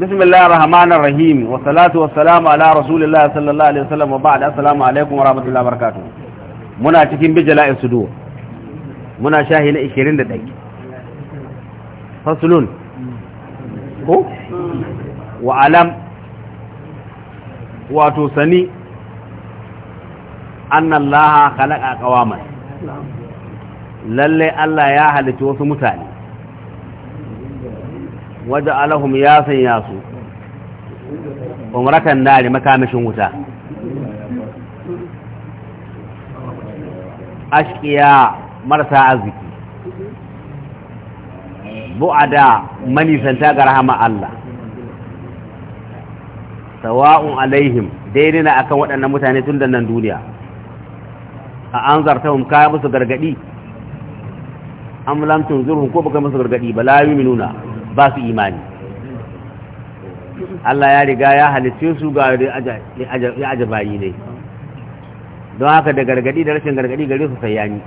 بسم الله الرحمن الرحيم والصلاة والسلام على رسول الله صلى الله عليه وسلم وبعد السلام عليكم ورحمة الله وبركاته منا تكين بجلاء الصدور منا شاهل إشيرين دقيق فصلون وعلم وتوسني أن الله خلق أقواما للي الله يا هل توسو متاني wajen alahum ya sanya su umarakan nari makamashin wuta ashkiya marasa arziki bu'ada manisanta ga rahama Allah sawa'un alaihim daidai na akan waɗannan mutane tun da nan duniya a an zartahum kaya musu gargadi am lam ko baka musu gargadi ba la yu'minuna ba su imani Allah ya riga ya halitta su ga ya ajabayi ne don haka da gargadi da rashin gargadi gare su sai yani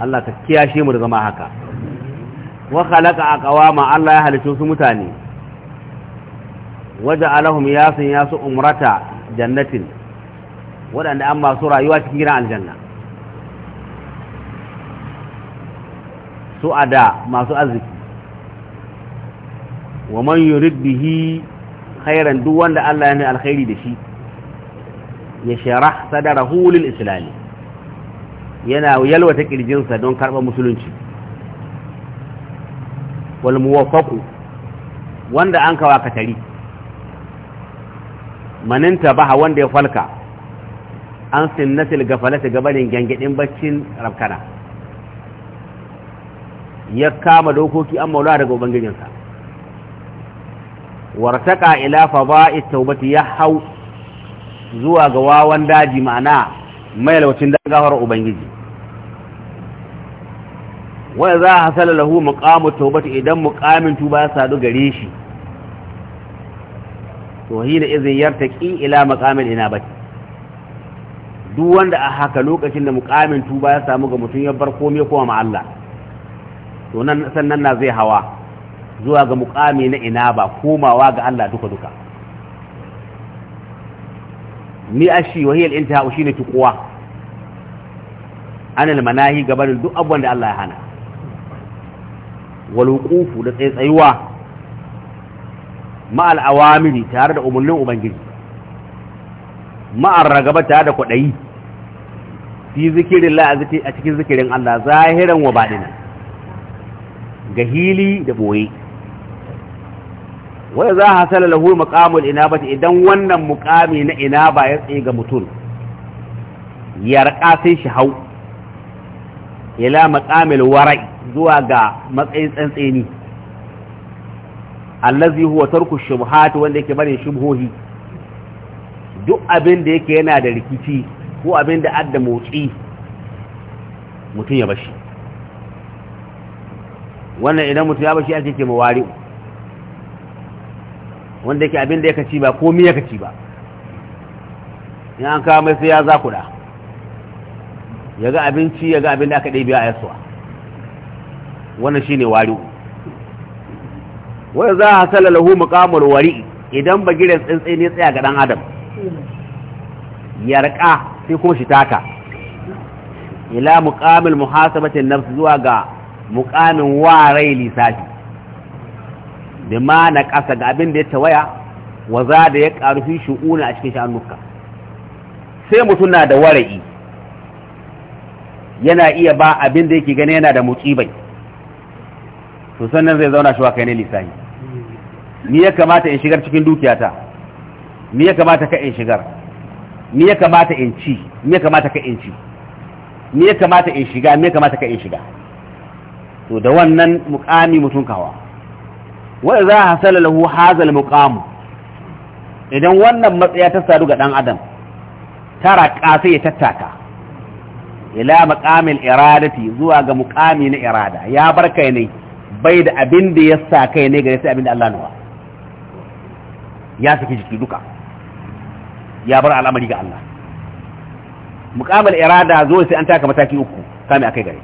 Allah ta kiyashe mu daga ma haka wa khalaqa aqwama Allah ya halitta su mutane waja alahum yasin yasu umrata jannatin waɗanda an masu rayuwa cikin gidan aljanna a da masu arziki wa man yurid bihi khairan duk wanda Allah ya ne alkhairi da shi ya sharah sadarahu lil islami yana yalwata kirjinsa don karɓar musulunci wal muwaffaqu wanda an kawa katari maninta baha wanda ya falka an sinnatil gafalata gabanin gangidin baccin rabkana ya kama dokoki an maula daga ubangijinsa wartaka ila fada'i taubati ya hau zuwa ga wawan daji ma'ana mai laucin dagawar ubangiji wa za a hasala lahu muqamu taubati idan muqamin tuba ya sadu gare shi to da izin yartaki ila ina inabati duk wanda a haka lokacin da muqamin tuba ya samu ga mutum ya bar komai kuma ma Allah to nan sannan na zai hawa zuwa ga mukami na ina ba komawa ga Allah duka duka ni ashi wa hiyal intiha shine ana al manahi gaban duk abubuwan da Allah ya hana wal wuqufu da ma ma'al awamiri tare da umurnin ubangiji ma'ar ragaba tare da kwadayi fi zikirin a cikin zikirin Allah zahiran wa badina ga hili da boye wai za a hasala lahu maqamul ta idan wannan muƙami na inaba ya tsaye ga mutum yarka sai shi hau ila maqamil wara'i zuwa ga matsayin tsantseni allazi huwa tarku shubhat wanda yake barin shubhohi duk abin da yake yana da rikici ko abin da adda motsi mutum ya bashi wannan idan mutum ya bashi ake ce mawari wanda yake abin da ya kaci ba ko miya kaci ba in an kawo mai sai ya kuɗa. ya ga abinci ya ga abin da aka ɗai biya a yasuwa wannan shi ne wari Wani za a hasala lahu muƙamar wari idan ba gidan tsintsi ne tsaya ga ɗan adam yarka sai kuma shi taka ila muƙamil muhasabatin nafsu zuwa ga mukamin warai lissafi da ma na ƙasa ga abin da ya tawaya wa za da ya ƙarfi shu'una a cikin sha'anuka sai mutum na da wara'i yana iya ba abin da yake gani yana da bai to sannan zai zauna shuwa kai ne lissafi ni ya kamata in shigar cikin dukiyata ni ya kamata ka in shigar ni ya kamata in ci ni ya kamata ka in ci ni ya kamata in shiga ni ya kamata ka in shiga to da wannan mukami mutun kawa wa idza hasala lahu hadha al-muqam idan wannan matsaya ta sadu ga dan adam tara kasai ya tattaka ila maqamil iradati zuwa ga muqami na irada ya barka ne bai da abin da ya sa kai ne gare sai abin da Allah nawa ya saki jiki duka ya bar al'amari ga Allah muqamil irada zo sai an taka mataki uku kame akai gare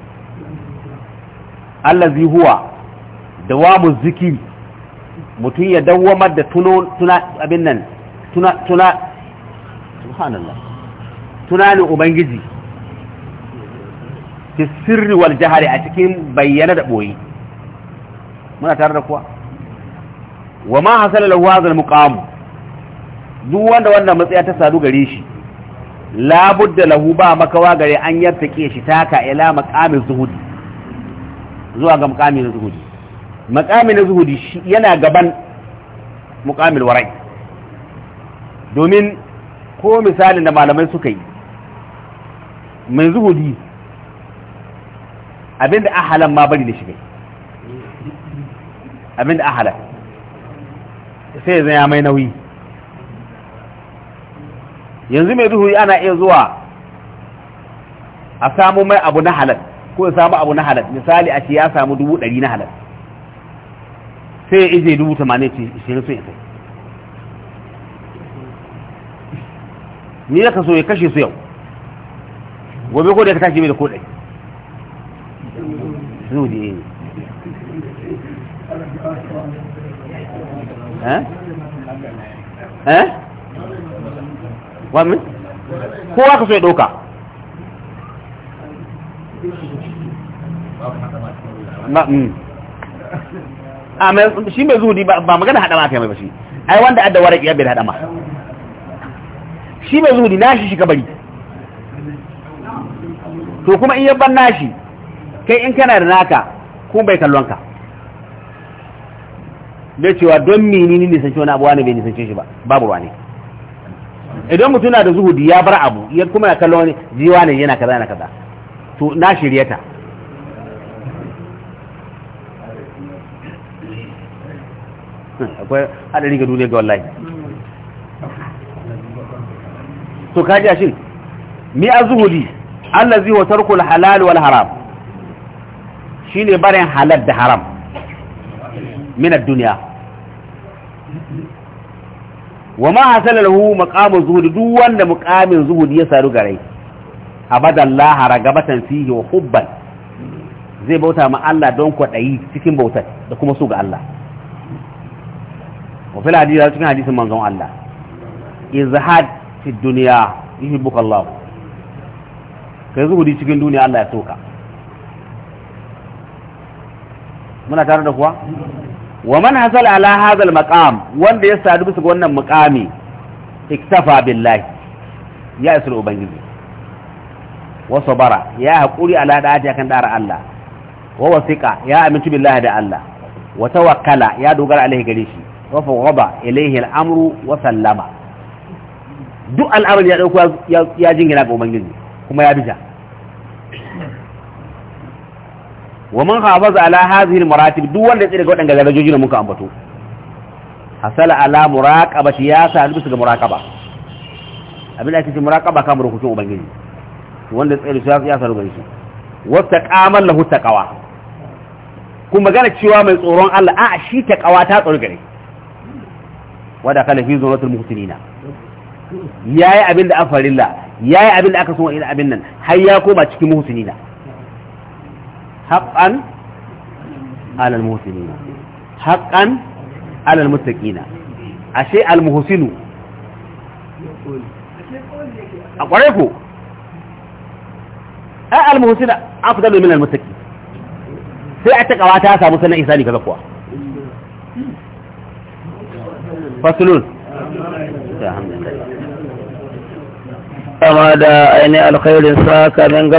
allazi huwa dawamu zikiri mutum ya dawamar da tuno tuna abin nan tuna tuna subhanallah tunanin ubangiji ki sirri wal jahari a cikin bayyana da boye muna tare da kuwa wa ma hasala lahu al muqam duk wanda wannan matsaya ta sadu gare shi labudda lahu ba makawa gare an yartake shi taka ila maqamiz zuhud zuwa ga mukami na zuhudi mukami na zuhudi yana gaban mukamil warai domin ko misalin da malamai suka yi mai zuhudi abinda ahalan ma bari da shigai abinda ahalan sai zai ya mai nauyi yanzu mai zuhudi ana iya zuwa a samu mai abu na halal ko ya samu abu na halal misali a ce ya samu dubu ɗari na halal sai ya ije dubu tamanin ce ishirin sun yi ni ya kaso ya kashe su yau gobe ko da ya kashe mai da ko ɗari su ne eh eh wani kowa ka so ya ɗauka amma ah, shi mai zuhudi ba magana hada ma kai mai ba shi ai wanda adda waraki ya bai hada ma shi mai zuhudi nashi shi ka bari to kuma in yabban nashi kai in kana da naka ko bai kallon ka da cewa don mini ni nisanci wani abu wani bai nisanci shi ba babu wani idan mutum na da zuhudi ya bar abu kuma ya kallon wani jiwa ne yana kaza yana kaza to na shiryata akwai hadari ga duniya ga wallahi to kaji ashin mi azhudi allazi wa tarkul halal wal haram shine barin halal da haram min ad-dunya wa ma hasala lahu maqamu zuhudi duk wanda muqamin zuhudi ya saru gare abadan la haragabatan fihi wa hubban zai bauta ma Allah don kwadayi cikin bautar da kuma su ga Allah wa fil hadisi cikin hadisin manzon Allah izhad fi dunya yuhibbuka Allah kai zuhudi cikin duniya Allah ya soka muna tare da kuwa wa man hasal ala wanda ya sadu bisa wannan mukamin, iktafa billahi ya isra ubangiji wa sabara ya haƙuri ala da'ati akan Allah wa wasiqa ya amintu billahi da Allah Wata tawakkala ya dogara alaihi gare shi wa fawaba ilaihi al'amru wa sallama duk al'amari ya dauko ya jingina ga ubangiji kuma ya bija wa man hafaza ala hadhihi maratib duk wanda ya tsira ga wadanga darajoji da muka ambato hasala ala muraqabati ya sa duk ga muraqaba abin da ake cewa muraqaba kamar hukuncin ubangiji wanda ya tsira ya sa rubar shi wa taqamal lahu taqwa kuma magana cewa mai tsoron Allah a shi taqwa ta tsoro gare wada kala fi zuratul muhsinina yayi abin da afarilla yayi abin da aka so ina abin nan har ya koma cikin muhsinina haqqan ala al muhsinina haqqan ala al muttaqina ashe al muhsinu a kware ku ai al muhsina afdalu min al muttaqi sai a takawa ta samu sanan isani kaza kuwa fasulun kama da aini alkhairin sa kamin